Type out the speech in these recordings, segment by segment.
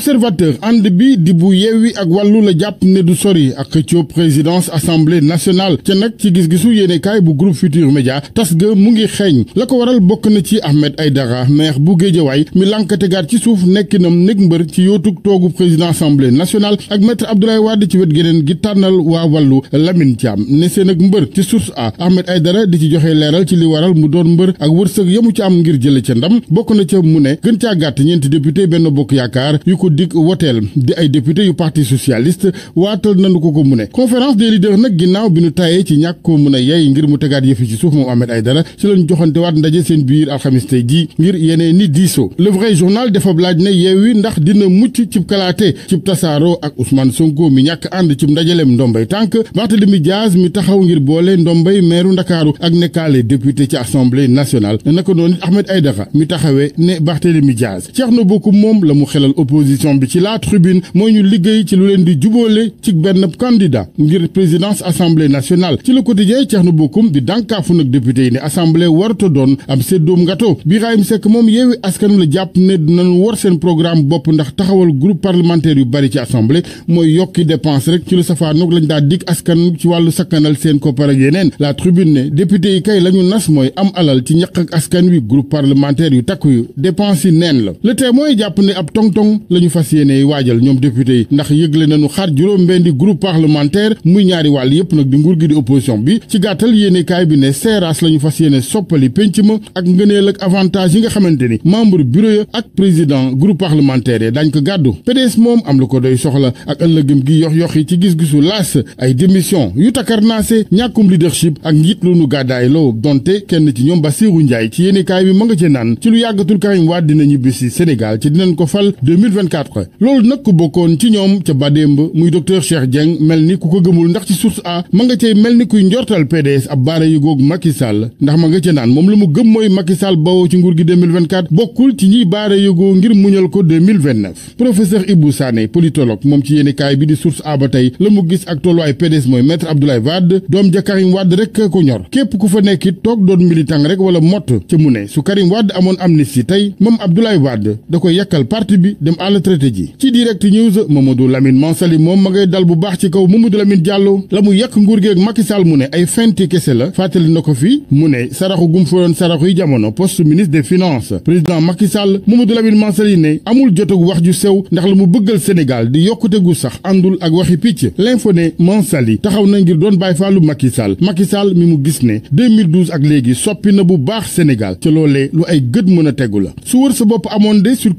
l'observateur ànd bi di bu Yewwi ak wallu la jàpp ne du sori ak xëccoo présidence assemblée nationale ca nag ci gis-gisu yéenekaay bu groupe Futurs Médias tas ga mu ngi xeeñ la ko waral bokk na ci Ahmed Aïdara maire bu Guédiawaye mi lànkategaat ci suuf nekkinam nekk mbër ci yootug toogu président assemblée nationale ak maître Abdoulaye Wade ci wet geneen gi tànnal waa wàllu Lamine Thiam ne seen ak mbër ci source a Ahmed Aïdara di ci joxe leeral ci li waral mu doon mbër ak wërsëg yamu ci am ngir jële ca ndam bokk na ca mu ne gën caa gàtt ñeenti député benn bokk yaakaar guddik woteel di ay député yu parti socialiste waatal nanu ko ko mu ne conférence des leaders nag ginnaaw bi nu tayee ci ñàkk koo mun a yey ngir mu tegaat yëfi ci suuf moom Ahmed Aïdara si lañu waat ndaje seen biir alxamis tey jii ngir yeneen ni diisoo le vrai journal dafa laaj na yeewi ndax dina mucc cib kalaate cib tasaaroo ak Ousmane Sonko mi ñàkk ànd cib ndajalem ndombay tànk Barthélémy Dias mi taxaw ngir boole ndombay meeru Ndakaaru ak nekkaale député ci assemblée nationale naka noonu it Ahmed Aïdara mi taxawee ne Barthélémy Dias Thierno Bocoum moom la mu xelal opposition opposition bi ci la tribune mooy ñu liggéey ci lu leen di jubóole ci benn candidat ngir présidence assemblée nationale ci le quotidien Thierno Bocoum di dànkaafu nag député yi ne assemblée warta doon am séddoom ngato Birahim Seck moom yeewi askan la jàpp ne dinañu war seen programme bopp ndax taxawal groupe parlementaire yu bari ci assemblée mooy yokki dépense rek ci lu safaanoog lañ daa dig askan ci wàllu sakkanal seen koppar ak yeneen la tribune ne député yi kay la ñu nas mooy am alal ci ñaq ak askan wi groupe parlementaire yu takku yu dépense yi neen la le ñu fas yéene waajal ñoom député yi ndax yëgle nañu xaar juróom-benni groupe parlementaire muy ñaari wàll yëpp nag di nguur gi di opposition bi ci gàttal yéenekaay bi ne seeraas la ñu fas yéene soppali penc ma ak ngëneel ak avantage yi nga xamante ni membre bureau ya ak président groupe parlementaire ya dañ ko gàddu PDS moom am lu ko doy soxla ak ëllëgëm gi yox yox yi ci gis-gisu laas ay démission yu takarnaase ñàkkum leadership ak njiit lu nu gàddaay loo donte kenn ci ñoom Bassirou Ndiaye ci yéenekaay bi ma nga ci naan ci lu yàggatul Karim Wade dina ñibbi si Sénégal ci dinañ psychiatre loolu nag bokkoon ci ñoom ca Bademb muy docteur Cheikh Dieng mel ni ku ko gëmul ndax ci source a ma nga cay mel ni kuy njortal PDS ab baara yu googu Macky ndax ma nga ca naan moom la mu gëm mooy Macky Sall bawoo ci nguur gi 2024 bokkul ci ñiy baara yëgoo ngir muñal ko 2029 professeur Ibou Sané politologue moom ci yéenekaay bi di source a ba tey la mu gis ak tolluwaay PDS mooy maître Abdoulaye Wade doom ja Karim Wade rek ko ñor képp ku fa nekkit toog doon militant rek wala mott ca su Karim Wade amoon amnistie ci direct news Mamadou Lamine Mansali moom ma ngay dal bu baax ci kaw Mamadou Lamine Diallo la mu yàq nguur geeg Macky Sall mu ne ay fenti kese la fàttali na ko fi mu ne saraxu gum fa doon saraxu yi jamono poste ministre des finances président Macky Sall Mamadou Lamine Mansali ne amul jotog wax ju sew ndax la mu bëggal Sénégal di yokkute gu sax àndul ak waxi picc l'info ne taxaw na ngir doon bàyyi faalu Macky Sall mi mu gis ne ak léegi soppi na bu a la su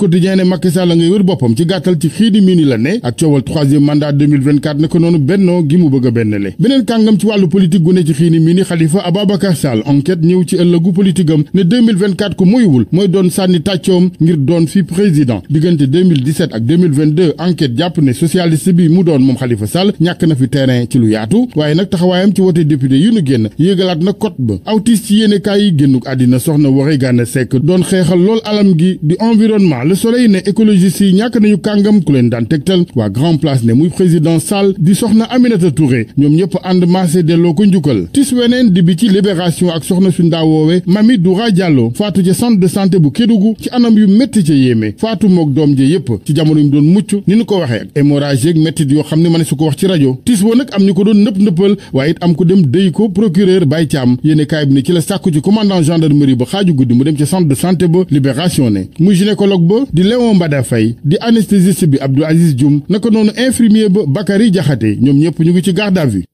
wër boppam ci gàttal ci xiidi miini la ne ak coowal troisième mandat 2024 noonu bennoo gi mu bëgg benn le beneen kàngam ci wàllu politique gu ci xiini miini Xalifa Ababacar Sall enquête ñëw ci ëllëgu politique ne 2024 moywul mooy doon sànni tàccoom ngir doon fi président diggante ak 2022 jàpp ne socialiste bi mu doon moom Xalifa Sall ñàkk na fi terrain ci lu yaatu waaye nag taxawaayam ci wote député yi nu génn yéegalaat na cote ba awtis ci yéene yi génnuk ñàkk nañu kàngam ku leen daan tegtal waa grand place ne muy président Sall di soxna Aminata Touré ñoom ñëpp ànd maasé delloo ko njukkal tis weneen di bi ci libération ak soxna su woowe Mami Doura Diallo faatu ca centre de santé bu Kédougou ci anam yu métti ca yéeme faatu mook doom ja yépp ci jamono yu mu doon mucc ni ñu ko waxee ak hémorragie ak yoo xam ne ma ne su ko wax ci rajo tis boo nag am ñu ko doon nëpp nëppal waaye it am ko dem dëy ko procureur Baye Thiam yéene kaay bi ne ci la sàkku ci commandant gendarmerie ba xaaju guddi mu dem ca centre de santé ba libération ne muy gynécologue ba di Léon Mbada di anesthésiste bi Abdou Aziz Dioum naka noonu infirmier ba Bakary Diakhaté ñoom ñëpp ñu ngi ci garde à